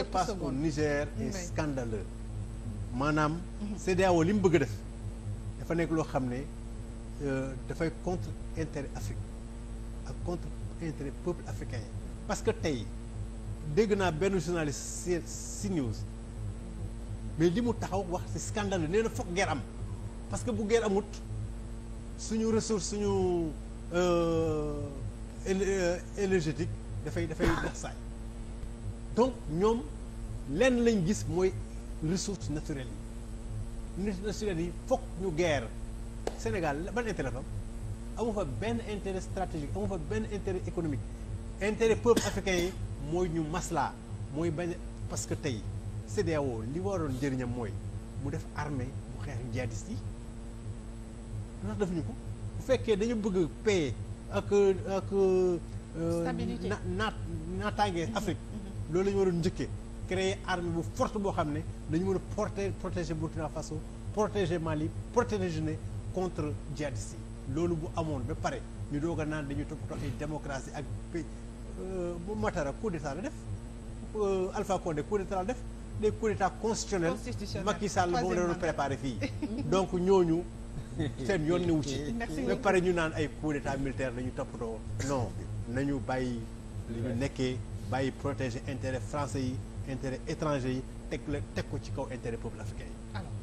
se passe au Niger est scandaleux mm-hmm. maanaam mm-hmm. CEDEAO li mu bëgg def dafa nekk loo xam ne euh, dafay contre intérêt ak contre intérêt peuple africain parce que tey dégg naa benn journaliste CNews mais li mu taxaw wax ci scandale nee na foog guerre am parce que bu guerre amut suñu ressource suñu euh, euh, énergétique dafay dafay dax saay donc ñoom lenn lañ gis mooy ressources naturelles yi ressources naturelles yi foog ñu guerre Sénégal ban intérêt la amu fa benn intérêt stratégique amu fa benn intérêt économique intérêt peuple africain yi mooy ñu maslaa mooy bañ parce que tey CEDEAO li waroon njëriñam mooy mu def armée mu xeex jihadistes yi lu tax defuñu ko bu fekkee dañu bëgg paix ak ak euh, naat naataange Afrique loolu la ñu waroon njëkkee créer armée bu forte boo xam ne dañu mën a porter protéger Burkina Faso protéger Mali protéger ne contre djihadistes yi loolu bu amoon ba pare ñu doog a naan dañuy toppatoo ay démocratie ak pays euh, bu Matara coup d'état la def euh, Alpha Condé coup d'état la def des coups d'état constitutionnel Macky Sall moom la doon préparé fii donc ñooñu seen yoon newu ci ba pare ñu naan ay coup d'état militaire la ñu toppatoo non nañu bàyyi li ñu nekkee bàyyi protéger intérêt français yi intérêt étranger yi teg la teg ko ci kaw intérêt peuple africain yi